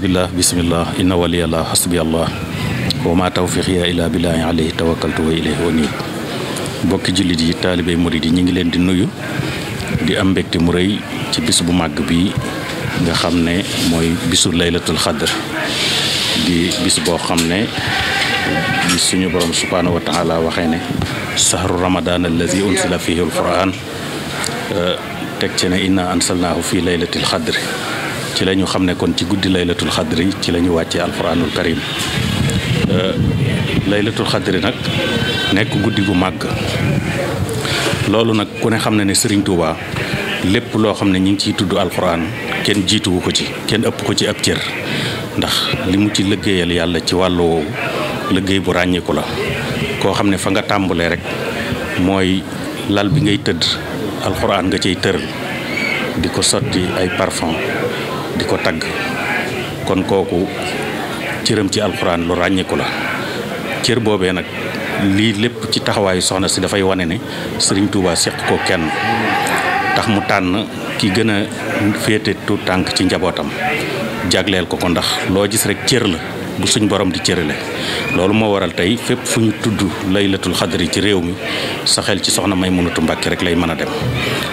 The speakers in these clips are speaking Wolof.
billah bismillah inna waliyallah hasbi allah wa ma tawfiqiya illa billahi alayhi tawakkaltu wa ilayhi unib bokki jullit yi taalibey murid yi ñu ngi leen di nuyu di am mbégte mu rëy ci bis bu màgg bi nga xam ne mooy bisu laylatul xadr di bis boo xam ne suñu borom subhaanahu wa waxee ne sahru ramadan allazi unsila fihi alquran euh, teg ci ne inna ansalnaahu fi laylatil xadr ci la ñu xam ne kon ci guddi laylatul xadri ci la ñu wàccee alquranul karim euh, laylatul xadri nag nekk guddi gu màgg loolu nag ku ne xam na ne Serigne Touba lépp loo xam ne ñi ngi ciy tudd alxuraan kenn jiituwu ko ci kenn ëpp ko ci ab cër ndax li mu ci liggéeyal yàlla ci wàllu woowu liggéey bu ràññiku la koo xam ne fa nga tàmbalee rek mooy lal bi ngay tëdd alxuraan nga cay tër di ko sotti ay parfum di ko tagg kon kooku cëram ci alxuraan lu ràññiku la cër boobee nag lii lépp ci taxawaayu soxna si dafay wane ne sëriñ tuubaa seq ko kenn tax mu tànn ki gën a féete tu tànk ci njabootam jagleel ko ko ndax loo gis rek cër la bu suñ borom di cërale loolu moo waral tey fépp fu ñu tudd laylatul xadri ci réew mi sa xel ci soxna may munatu mbàkke rek lay mën a dem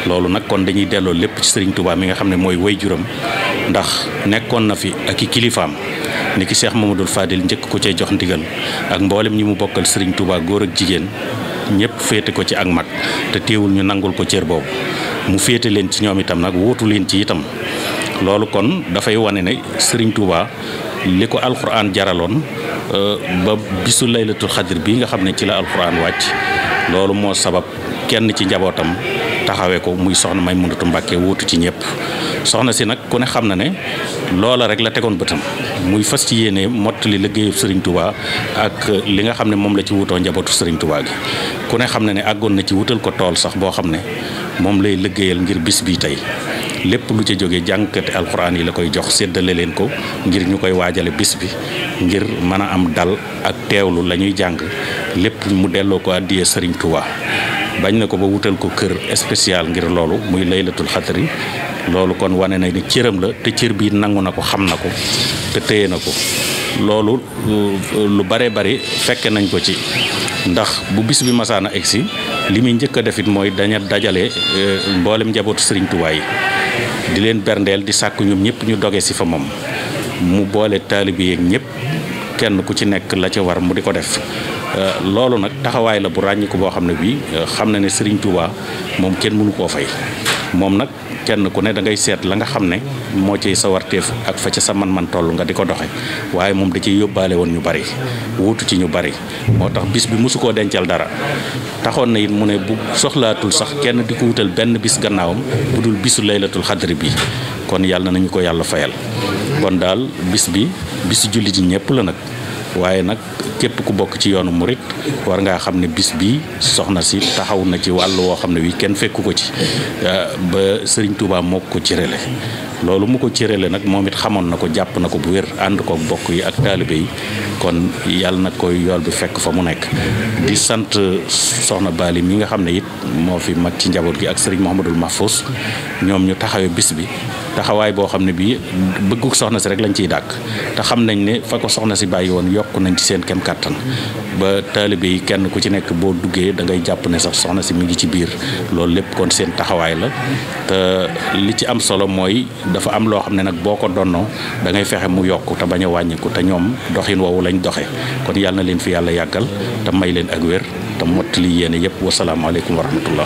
loolu nag kon dañuy delloo lépp ci sëriñ Touba mi nga xam ne mooy way juram ndax nekkoon na fi ak i kilifaam ni ki seex Mamadul Fadil njëkk ko cay jox ndigal ak mboolem ñi mu bokkal sëriñ Touba góor ak jigéen ñëpp féete ko ci ak mag te téewul ñu nangul ko cër boobu mu féete leen ci ñoom itam nag wootu leen ci itam loolu kon dafay wane ne sëriñ Touba li ko alquran jaraloon euh, ba bisu laylatul xadir bi nga xam ne ci la alquran wàcc loolu moo sabab kenn ci njabootam taxawee ko muy soxna may mënatu mbàkke wuutu ci ñëpp soxna si nag ku ne xam na ne loola rek la tegoon bëtam muy fas ci yéene mott li Serigne sëriñtuwaa ak li nga xam ne moom la ci wutoo njabootu Serigne Touba gi ku ne xam na ne àggoon na ci wutal ko tool sax boo xam ne moom lay liggéeyal ngir bis bi tey lépp lu ca jóge jànkate alxuraan yi la koy jox séddale leen ko ngir ñu koy waajale bis bi ngir mën a am dal ak teewlu la ñuy jàng lépp mu delloo ko àddiyee sëriñ Tuubaa bañ na ko ba wutal ko kër spécial ngir loolu muy laylatul xadri loolu kon wane na ni cëram la te cër bi nangu na ko xam na ko te téye na ko loolu euh, lu bare bari fekke nañ ko ci ndax bu bis bi masaana egsi li muy njëkk a def it mooy daña dajale euh, mboolem njabootu Sëriñ Tuubaa yi di leen berndeel di sàkk ñoom ñëpp ñu doge si fa moom mu boole taalibe yeeg ñëpp kenn ku ci nekk la ca war mu di ko def euh, loolu nag taxawaay la bu ràññiku boo xam ne bii euh, xam na ne Serigne Touba moom kenn mënu koo fay. moom nag kenn ku ne da ngay seet la nga xam ne moo ciy sawarteef ak fa ca sa man-man toll nga di ko doxe waaye moom da ciy yóbbaale woon ñu bari wuutu ci ñu bari moo tax bis bi mosu koo dencal dara taxoon na it mu ne bu soxlaatul sax kenn di ko wutal benn bis gannaawam bu dul bisu laylatul xadri bi kon yàlla nañu ko yàlla fayal kon daal bis bi bisu jullit yi ñëpp la nag waaye nag képp ku bokk ci yoonu murit war ngaa xam ne bis bii soxna si taxaw na ci wàll woo xam ne wii kenn fekku ko ci euh, ba sëriñ Touba moo ko cërale loolu mu ko cërale nag moom it xamoon na ko jàpp na ko bu wér ànd kook bokk yi ak taalibe yi kon yàlla na koy yool bi fekk fa mu nekk di sant soxna Bali yi nga xam ne it moo fi mag ci njaboot gi ak Serigne Mouhamadul Mahfous ñoom ñu taxawee bis bi taxawaay boo xam ne bii bëgguk soxna si rek lañ ciy dàkk te xam nañ ne fa ko soxna si bàyyi woon yokk nañ ci seen kem kàttan ba taalibe yi kenn ku ci nekk boo duggee da ngay jàpp ne sax soxna si mu ngi ci biir loolu lépp kon seen taxawaay la te li ci am solo mooy dafa am loo xam ne nag boo ko donnoo da ngay fexe mu yokk te bañ a wàññiku te ñoom doxin woowu lañ doxe kon yàlla na leen fi yàlla yàggal te may leen ak wér te li yéene yëpp wasalaamaaleykum wa